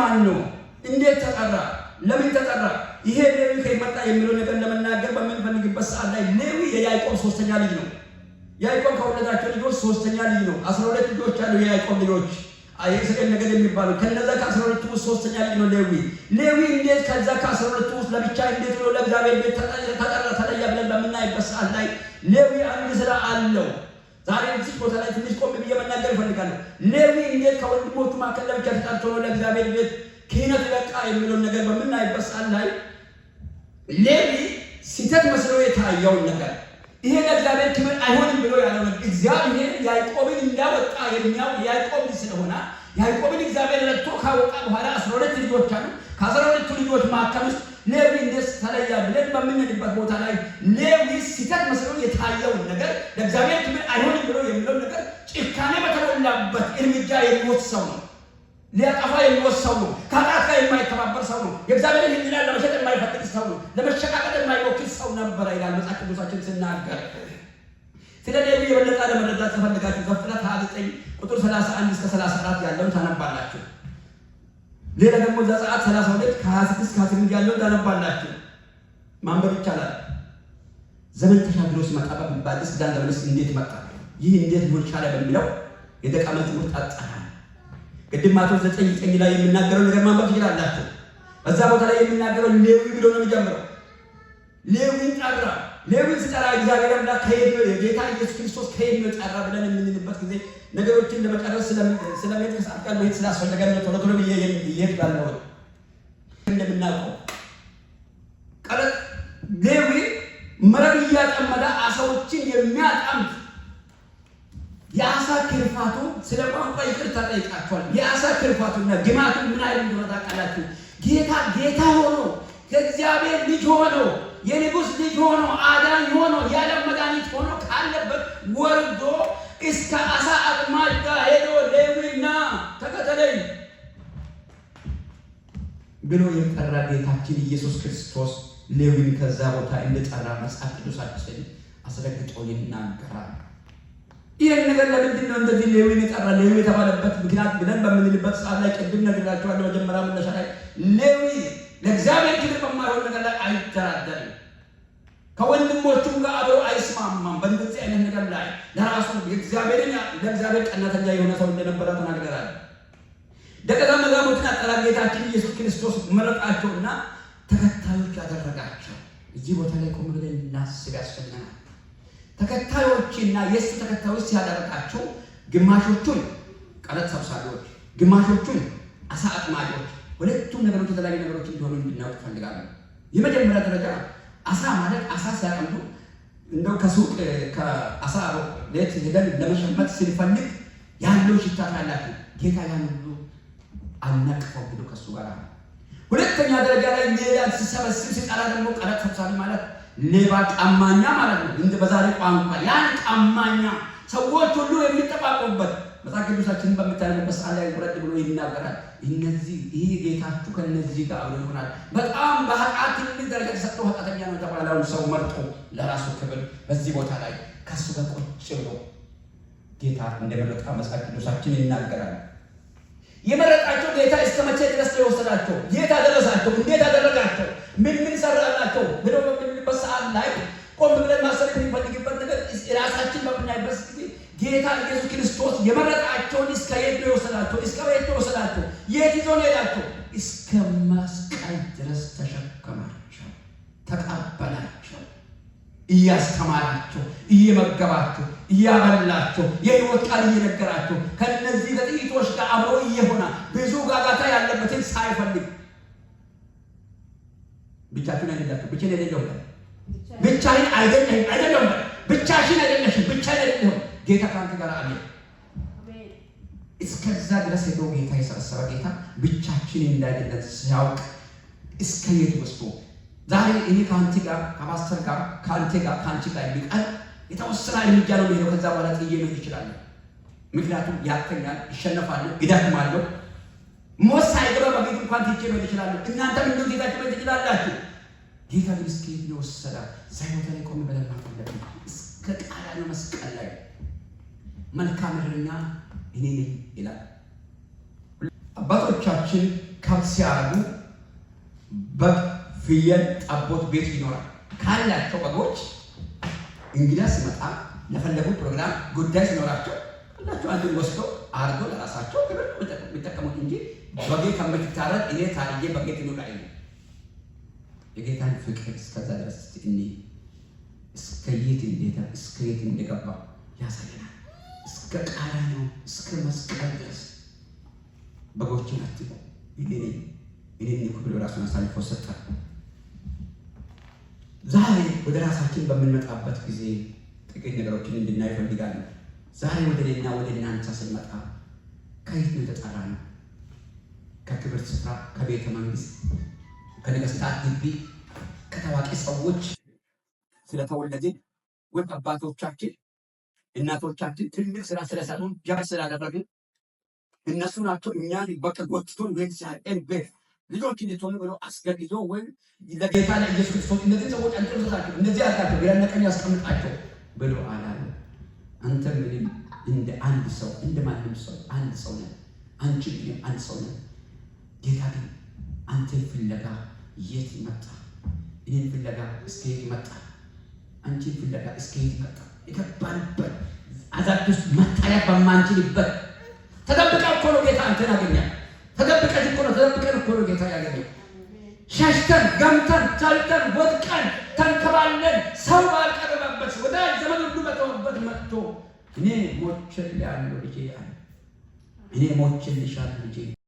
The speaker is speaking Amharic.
ማን ነው? እንዴት ተጠራ? ለምን ተጠራ? ይሄ ሌዊ ከመጣ የሚለው ነገር ለመናገር በምንፈልግበት ሰዓት ላይ ሌዊ የያዕቆብ ሶስተኛ ልጅ ነው። ያዕቆብ ከወለዳቸው ልጆች ሶስተኛ ልጅ ነው። አስራ ሁለት ልጆች አሉ የያዕቆብ ልጆች የእስራኤል ነገድ የሚባሉ ከነዛ ከአስራ ሁለቱ ውስጥ ሶስተኛ ልጅ ነው ሌዊ። ሌዊ እንዴት ከዛ ከአስራ ሁለቱ ውስጥ ለብቻ እንዴት ብሎ ለእግዚአብሔር ቤት ተጠራ ተለያ ብለን በምናይበት ሰዓት ላይ ሌዊ አንድ ስራ አለው። ዛሬ እዚህ ቦታ ላይ ትንሽ ቆም ብዬ መናገር እፈልጋለሁ። ሌዊ እንዴት ከወንድሞቹ መካከል ለብቻ ተጣልቶ ነው ለእግዚአብሔር ቤት ክህነት በቃ የሚለውን ነገር በምናይበት ሰዓት ላይ ሌዊ ስህተት መስሎ የታየውን ነገር ይሄ ለእግዚአብሔር ክብር አይሆንም ብሎ ያለው ነገር እግዚአብሔር ያዕቆብን እንዳወጣ የሚያውቅ ያዕቆብ ስለሆነ ያዕቆብን እግዚአብሔር ለቶ ካወጣ በኋላ አስራ ሁለት ልጆች አሉ። ከአስራ ሁለቱ ልጆች መካከል ውስጥ ሌዊ እንደስ ተለያ ብለን በምንልበት ቦታ ላይ ሌዊ ስህተት መስሎ የታየውን ነገር ለእግዚአብሔር ጋር የሚሞት ሰው ነው። ሊያጠፋ የሚሞት ሰው ነው። ከኃጢአት ጋር የማይተባበር ሰው ነው። የእግዚአብሔር ሕግ ለመሸጥ የማይፈቅድ ሰው ነው። ለመሸቃቀጥ የማይሞክር ሰው ነበረ ይላል መጽሐፍ ቅዱሳችን ሲናገር። ስለ ሌዊ የበለጠ ለመረዳት ተፈልጋችሁ ዘፍጥረት 29 ቁጥር 31 እስከ 34 ያለውን ታነባላችሁ። ሌላ ደግሞ ዘጸአት 32 ከ26 እስከ 28 ያለውን ታነባላችሁ። ማንበብ ይቻላል። ዘመን ተሻግሮ ሲመጣ በአዲስ ኪዳን ለመንግስት እንዴት መጣ ይህ እንዴት ሊሆን ቻለ በሚለው የደቀ መዛሙርት አጠራ ቅድም ማቴዎስ ዘጠኝ ቀኝ ላይ የምናገረው ነገር ማንበብ ትችላላችሁ። በዛ ቦታ ላይ የምናገረው ሌዊ ብሎ ነው የሚጀምረው። ሌዊን ጠራ። ሌዊን ስጠራ እግዚአብሔር አምላክ ከየት ጌታ ኢየሱስ ክርስቶስ ከየት ነው ጠራ ብለን የምንልበት ጊዜ ነገሮችን ለመጨረስ ስለሜትርስ ወይ ቤት ስላስፈለገ ነው ቶሎ ቶሎ ይሄድ ባለሆን እንደምናውቀው ቀረ ሌዊ መረብ እያጠመደ አሳዎችን የሚያጣምት የአሳ ክርፋቱ ስለ ቋንቋ ይቅርታ ጠይቃቸዋል። የአሳ ክርፋቱና ግማቱ ምን አይል እንደሆነ ታውቃላችሁ? ጌታ ጌታ ሆኖ ከእግዚአብሔር ልጅ ሆኖ የንጉሥ ልጅ ሆኖ አዳኝ ሆኖ የዓለም መድኃኒት ሆኖ ካለበት ወርዶ እስከ አሳ አጥማጅ ጋር ሄዶ ሌዊና ተከተለኝ ብሎ የጠራ ጌታችን ኢየሱስ ክርስቶስ ሌዊን ከዛ ቦታ እንደጠራ መጽሐፍ ቅዱሳችን አስረግጦ ይናገራል። ይህን ነገር ለምንድን ነው እንደዚህ ሌዊ የጠራ ሌዊ የተባለበት ምክንያት ብለን በምንልበት ሰዓት ላይ ቅድም ነግራችኋለሁ። መጀመሪያ መነሻ ላይ ሌዊ ለእግዚአብሔር ክብር በማይሆን ነገር ላይ አይደራደርም። ከወንድሞቹም ጋር አብሮ አይስማማም። በእንደዚህ አይነት ነገር ላይ ለራሱ እግዚአብሔርን ለእግዚአብሔር ቀናተኛ የሆነ ሰው እንደነበረ ተናግረናል። ደቀ መዛሙርትን አጠራ ጌታችን ኢየሱስ ክርስቶስ መረጣቸውና ተከታዮች ያደረጋቸው። እዚህ ቦታ ላይ ቆም ብለን እናስብ ያስፈልገናል። ተከታዮችና የእሱ ተከታዮች ሲያደርጋቸው ግማሾቹን ቀረጥ ሰብሳቢዎች፣ ግማሾቹን አሳ አጥማጆች፣ ሁለቱም ነገሮች የተለያዩ ነገሮች እንዲሆኑ እንድናውቅ ይፈልጋሉ። የመጀመሪያ ደረጃ አሳ ማለት አሳ ሲያቀምዱ እንደው ከሱቅ ከአሳ ሌት ሄደን ለመሸመት ስንፈልግ ያለው ሽታ ታላችሁ ጌታ ያን ሁሉ አልነቅፈው ብሎ ከእሱ ጋር ሁለተኛ ደረጃ ላይ ሌላ ሲሰበስብ ሲጠራ ደግሞ ቀረጥ ሰብሳቢ ማለት ሌባ ቀማኛ ማለት ነው። እንደ በዛሬ ቋንቋ ያን ቀማኛ ሰዎች ሁሉ የሚጠባቀሙበት መጽሐፍ ቅዱሳችን በምታነበት ሰዓት ላይ ውረድ ብሎ ይናገራል። እነዚህ ይህ ጌታችሁ ከነዚህ ጋር አብሮ ይሆናል። በጣም በኃጢአት ደረጃ የተሰጠው ኃጢአተኛ ነው የተባለውን ሰው መርጦ ለራሱ ክብር በዚህ ቦታ ላይ ከሱ ጋር ቁጭ ብሎ ጌታ እንደመረጣ መጽሐፍ ቅዱሳችን ይናገራል። የመረጣቸው ጌታ እስከ መቼ ድረስ የወሰዳቸው ጌታ ደረሳቸው፣ እንዴት አደረጋቸው፣ ምን ምን ሰራላቸው ብሎ በምናይበት ሰዓት ላይ ቆም ብለን ማሰብ የሚፈልግበት ነገር ራሳችን በምናይበት ጊዜ ጌታ ኢየሱስ ክርስቶስ የመረጣቸውን እስከ የት ነው የወሰዳቸው? እስከ ቤት ነው የወሰዳቸው? የት ይዞ ነው የሄዳቸው? እስከ መስቀል ድረስ ተሸከማቸው፣ ተቀበላቸው፣ እያስተማራቸው፣ እየመገባቸው፣ እያበላቸው፣ የህይወት ቃል እየነገራቸው ከእነዚህ ከጥቂቶች ጋር አብሮ እየሆነ ብዙ ጋጋታ ያለበትን ሳይፈልግ ብቻችሁን ያደላቸው ብቻ ያደለው ብቻህን አይደለህም፣ አይደለም ብቻሽን አይደለሽም፣ ብቻ አይደለም። ጌታ ከአንተ ጋር አለ። እስከዛ ድረስ ሄዶ ጌታ የሰበሰበ ጌታ ብቻችን እንዳይደለት ሲያውቅ እስከ የት ወስዶ ዛሬ እኔ ከአንቺ ጋር ከማስተር ጋር ከአንተ ጋር ከአንቺ ጋር የሚቀር የተወሰነ እርምጃ ነው የሚሄደው። ከዛ በኋላ ጥዬ መሄድ ይችላል። ምክንያቱም ያተኛል፣ ይሸነፋለሁ፣ ይደክማለሁ። ሞት ሳይገባ በፊት እንኳን ትቼ መሄድ ይችላለሁ። እናንተም እንደ ጌታችሁ መሄድ ትችላላችሁ። ጌታ ግን እስከ ሳይሞተ ላይ ቆም ብለን ማለለት እስከ ቃላነ መስቀል ላይ መልካም ምድርና እኔ ነኝ ይላል። አባቶቻችን ከብት ሲያረጉ በግ፣ ፍየል፣ ጠቦት ቤት ይኖራል ካላቸው በጎች እንግዳ ሲመጣ ለፈለጉ ፕሮግራም ጉዳይ ሲኖራቸው ሁላቸው አንድን ወስዶ አርጎ ለራሳቸው ክብር የሚጠቀሙት እንጂ በጌ ከምትታረቅ እኔ ታርጌ በጌ ትኑር አይሉም። የጌታን ፍቅር እስከዛ ድረስ እኔ እስከ የት እንዴታ እስከ የት እንደገባ ያሳየናል። እስከ ቃራንዮ እስከ መስቀል ድረስ በጎችን አትቁ እኔ እኔን ክብል ራሱን አሳልፎ ሰጠ። ዛሬ ወደ ራሳችን በምንመጣበት ጊዜ ጥቂት ነገሮችን እንድናይ እፈልጋለሁ። ዛሬ ወደ እኔና ወደ እናንተ ስንመጣ ከየት ነው የተጠራ ነው? ከክብር ስፍራ ከቤተ መንግስት ከነገስታት ግቢ ከታዋቂ ሰዎች ስለተወለድን ወይም አባቶቻችን እናቶቻችን ትልቅ ስራ ስለሰሩን ጃር ስላደረግን እነሱ ናቸው እኛን በቃ ጎትቶ ወይም ሳኤል ቤት ልጆች እንድትሆኑ ብሎ አስገድዶ ወይም ለጌታ ለኢየሱስ ክርስቶስ እነዚህ ሰዎች አንጥርሳቸው እነዚህ አርጋቸው ግራና ያስቀምጣቸው ብሎ አላለ። አንተ ምንም እንደ አንድ ሰው እንደ ማንም ሰው አንድ ሰው ነህ። አንቺ ግን አንድ ሰው ነህ። ጌታ ግን አንተ ፍለጋ የት መጣ? እኔን ፍለጋ እስከየት የት መጣ? አንቺን ፍለጋ እስከየት የት መጣ? የገባንበት አዛብ ውስጥ መታያ በማንችልበት ተጠብቀ እኮ ነው ጌታ አንተን አገኛ። ተጠብቀን እኮ ነው ተጠብቀን እኮ ነው ጌታ ያገኛል። ሸሽተን ገምተን ታልተን ወድቀን ተንከባለን ሰው ባልቀረበበት ወዳጅ ዘመን ሁሉ በተውበት መጥቶ እኔ ሞችን ያለው ልጄ አለ እኔ ሞችን ልሻል ልጄ